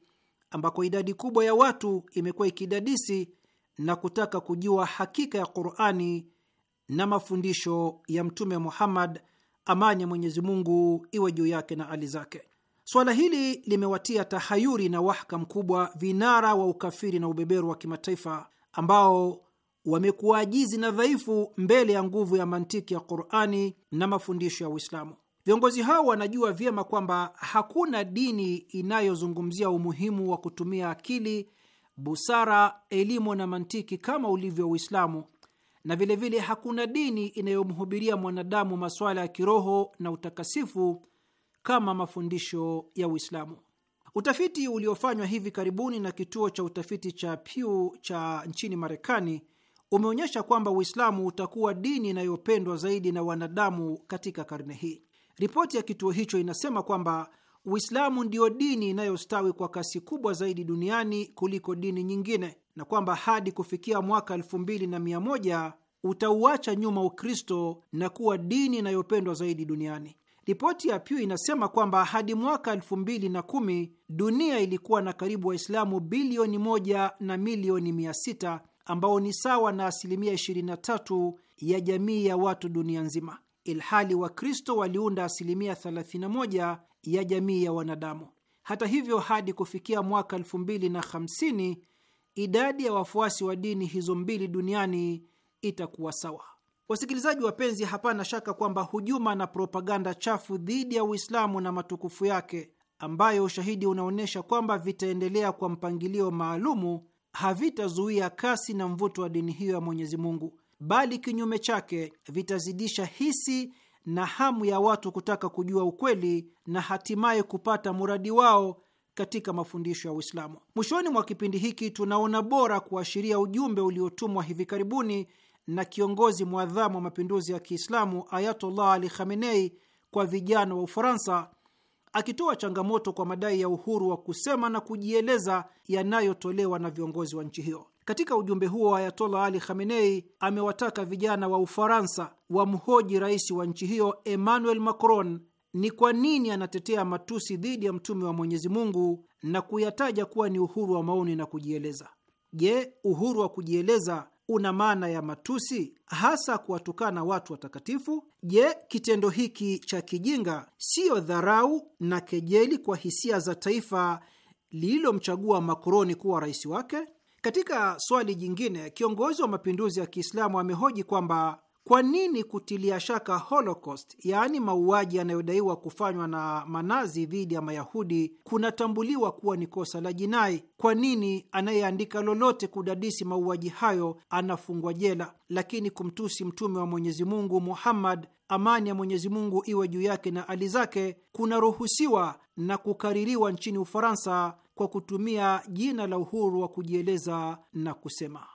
ambako idadi kubwa ya watu imekuwa ikidadisi na kutaka kujua hakika ya Qurani na mafundisho ya Mtume Muhammad amani ya Mwenyezi Mungu iwe juu yake na ali zake. Suala hili limewatia tahayuri na wahaka mkubwa vinara wa ukafiri na ubeberu wa kimataifa ambao wamekuwa ajizi na dhaifu mbele ya nguvu ya mantiki ya Qurani na mafundisho ya Uislamu. Viongozi hao wanajua vyema kwamba hakuna dini inayozungumzia umuhimu wa kutumia akili, busara, elimu na mantiki kama ulivyo Uislamu, na vilevile vile hakuna dini inayomhubiria mwanadamu masuala ya kiroho na utakasifu kama mafundisho ya Uislamu. Utafiti uliofanywa hivi karibuni na kituo cha utafiti cha Pew cha nchini Marekani umeonyesha kwamba Uislamu utakuwa dini inayopendwa zaidi na wanadamu katika karne hii. Ripoti ya kituo hicho inasema kwamba Uislamu ndiyo dini inayostawi kwa kasi kubwa zaidi duniani kuliko dini nyingine na kwamba hadi kufikia mwaka elfu mbili na mia moja utauacha nyuma Ukristo na kuwa dini inayopendwa zaidi duniani. Ripoti ya Pew inasema kwamba hadi mwaka elfu mbili na kumi dunia ilikuwa na karibu Waislamu bilioni moja na milioni mia sita ambao ni sawa na asilimia 23 ya jamii ya watu dunia nzima, ilhali Wakristo waliunda asilimia 31 ya jamii ya wanadamu. Hata hivyo, hadi kufikia mwaka hamsini idadi ya wafuasi wa dini hizo mbili duniani itakuwa sawa. Wasikilizaji wapenzi, hapana shaka kwamba hujuma na propaganda chafu dhidi ya Uislamu na matukufu yake, ambayo ushahidi unaonyesha kwamba vitaendelea kwa mpangilio maalumu, havitazuia kasi na mvuto wa dini hiyo ya Mwenyezi Mungu, bali kinyume chake vitazidisha hisi na hamu ya watu kutaka kujua ukweli na hatimaye kupata muradi wao katika mafundisho ya Uislamu. Mwishoni mwa kipindi hiki tunaona bora kuashiria ujumbe uliotumwa hivi karibuni na kiongozi mwadhamu wa mapinduzi ya Kiislamu Ayatollah Ali Khamenei kwa vijana wa Ufaransa, akitoa changamoto kwa madai ya uhuru wa kusema na kujieleza yanayotolewa na viongozi wa nchi hiyo. Katika ujumbe huo, Ayatollah Ali Khamenei amewataka vijana wa Ufaransa wamhoji rais wa nchi hiyo Emmanuel Macron ni kwa nini anatetea matusi dhidi ya mtume wa Mwenyezi Mungu na kuyataja kuwa ni uhuru wa maoni na kujieleza? Je, uhuru wa kujieleza una maana ya matusi, hasa kuwatukana watu watakatifu? Je, kitendo hiki cha kijinga siyo dharau na kejeli kwa hisia za taifa lililomchagua Makroni kuwa rais wake? Katika swali jingine, kiongozi wa mapinduzi ya Kiislamu amehoji kwamba kwa nini kutilia shaka Holocaust, yaani mauaji yanayodaiwa kufanywa na manazi dhidi ya Mayahudi, kunatambuliwa kuwa ni kosa la jinai? Kwa nini anayeandika lolote kudadisi mauaji hayo anafungwa jela, lakini kumtusi mtume wa Mwenyezi Mungu Muhammad, amani ya Mwenyezi Mungu iwe juu yake na ali zake, kunaruhusiwa na kukaririwa nchini Ufaransa kwa kutumia jina la uhuru wa kujieleza na kusema?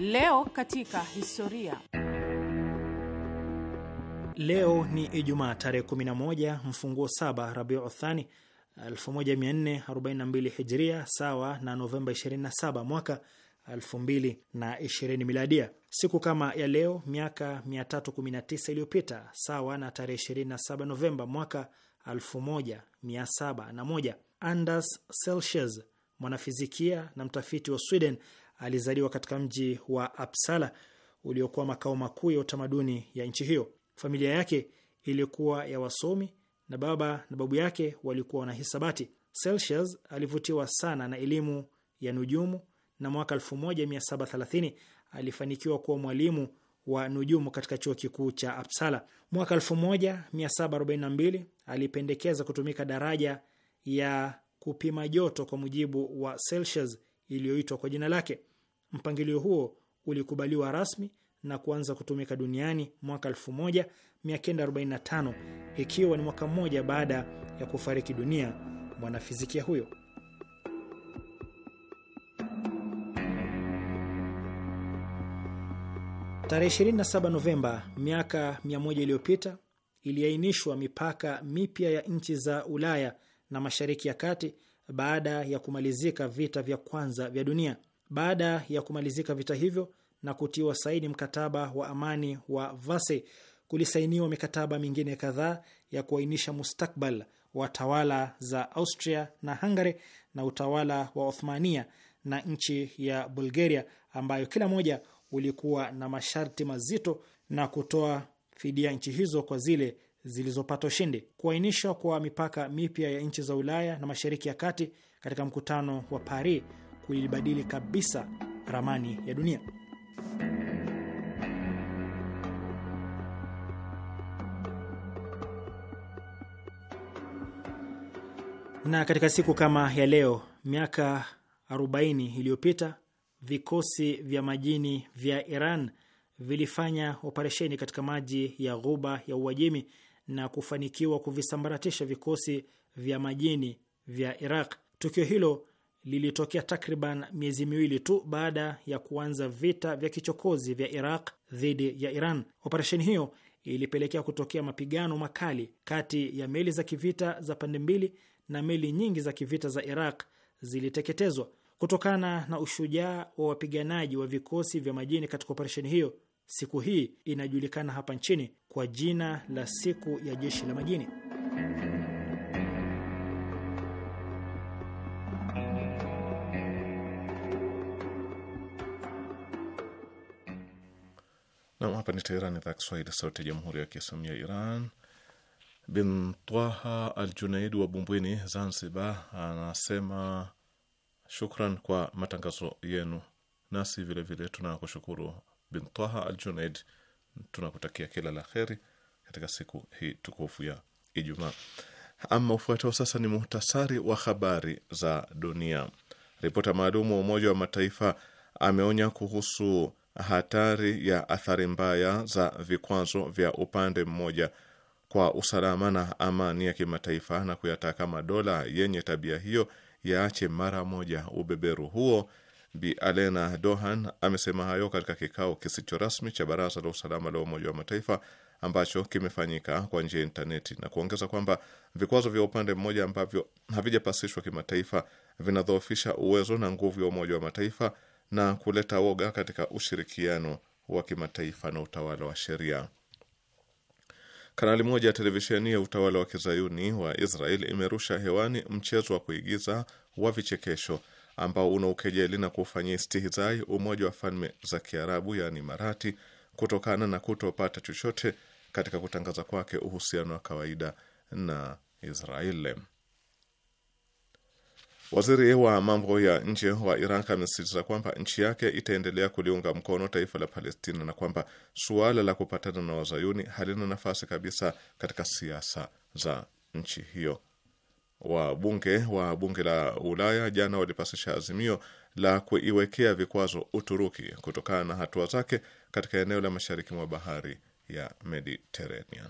Leo katika historia. Leo ni Ijumaa tarehe 11 mfunguo saba Rabiu Thani 1442 Hijria, sawa na Novemba 27 mwaka 2020 Miladia. Siku kama ya leo miaka 319 iliyopita, sawa na tarehe 27 Novemba mwaka 1701, Anders Celsius, mwanafizikia na mtafiti wa Sweden alizaliwa katika mji wa Apsala uliokuwa makao makuu ya utamaduni ya nchi hiyo. Familia yake ilikuwa ya wasomi na baba na babu yake walikuwa wanahisabati. Celsius alivutiwa sana na elimu ya nujumu na mwaka 1730 alifanikiwa kuwa mwalimu wa nujumu katika chuo kikuu cha Apsala. Mwaka 1742 alipendekeza kutumika daraja ya kupima joto kwa mujibu wa Celsius iliyoitwa kwa jina lake. Mpangilio huo ulikubaliwa rasmi na kuanza kutumika duniani mwaka 1945 ikiwa ni mwaka mmoja baada ya kufariki dunia mwanafizikia huyo. Tarehe 27 Novemba miaka 100 iliyopita iliainishwa mipaka mipya ya nchi za Ulaya na Mashariki ya Kati baada ya kumalizika vita vya kwanza vya dunia. Baada ya kumalizika vita hivyo na kutiwa saini mkataba wa amani wa Vase, kulisainiwa mikataba mingine kadhaa ya kuainisha mustakbal wa tawala za Austria na Hungary na utawala wa Othmania na nchi ya Bulgaria, ambayo kila moja ulikuwa na masharti mazito na kutoa fidia nchi hizo kwa zile zilizopata ushindi. Kuainishwa kwa mipaka mipya ya nchi za Ulaya na Mashariki ya Kati katika mkutano wa Paris kulibadili kabisa ramani ya dunia. Na katika siku kama ya leo miaka 40 iliyopita vikosi vya majini vya Iran vilifanya operesheni katika maji ya Ghuba ya Uajemi na kufanikiwa kuvisambaratisha vikosi vya majini vya Iraq. Tukio hilo lilitokea takriban miezi miwili tu baada ya kuanza vita vya kichokozi vya Iraq dhidi ya Iran. Operesheni hiyo ilipelekea kutokea mapigano makali kati ya meli za kivita za pande mbili, na meli nyingi za kivita za Iraq ziliteketezwa. Kutokana na ushujaa wa wapiganaji wa vikosi vya majini katika operesheni hiyo, siku hii inajulikana hapa nchini kwa jina la siku ya jeshi la majini. Nam, hapa ni Teherani, idhaa Kiswahili, sauti ya jamhuri ya kiislamu ya Iran. Bin Twaha Al Junaid wa Bumbwini, Zanzibar, anasema shukran kwa matangazo yenu, nasi vilevile tunakushukuru Bin Twaha Al Junaid tunakutakia kila la heri katika siku hii tukufu ya Ijumaa. Ama ufuatao sasa ni muhtasari wa habari za dunia. Ripota maalumu wa Umoja wa Mataifa ameonya kuhusu hatari ya athari mbaya za vikwazo vya upande mmoja kwa usalama na amani ya kimataifa na kuyataka madola yenye tabia hiyo yaache mara moja ubeberu huo Bi Alena Dohan amesema hayo katika kikao kisicho rasmi cha Baraza la Usalama la Umoja wa Mataifa ambacho kimefanyika kwa njia ya intaneti na kuongeza kwamba vikwazo vya upande mmoja ambavyo havijapasishwa kimataifa vinadhoofisha uwezo na nguvu ya Umoja wa Mataifa na kuleta woga katika ushirikiano wa kimataifa na utawala wa sheria. Kanali moja ya televisheni ya utawala wa kizayuni wa Israel imerusha hewani mchezo wa kuigiza wa vichekesho ambao una ukejeli na kuufanyia istihizai Umoja wa Falme za Kiarabu yaani Marati kutokana na kutopata chochote katika kutangaza kwake uhusiano wa kawaida na Israeli. Waziri wa mambo ya nje wa Iraq amesisitiza kwamba nchi yake itaendelea kuliunga mkono taifa la Palestina na kwamba suala la kupatana na wazayuni halina nafasi kabisa katika siasa za nchi hiyo wabunge wa bunge la Ulaya jana walipasisha azimio la kuiwekea vikwazo Uturuki kutokana na hatua zake katika eneo la mashariki mwa bahari ya Mediterranean.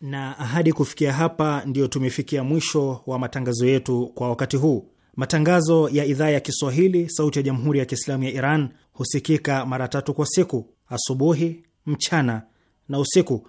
Na hadi kufikia hapa, ndiyo tumefikia mwisho wa matangazo yetu kwa wakati huu. Matangazo ya idhaa ya Kiswahili sauti ya jamhuri ya Kiislamu ya Iran husikika mara tatu kwa siku: asubuhi, mchana na usiku.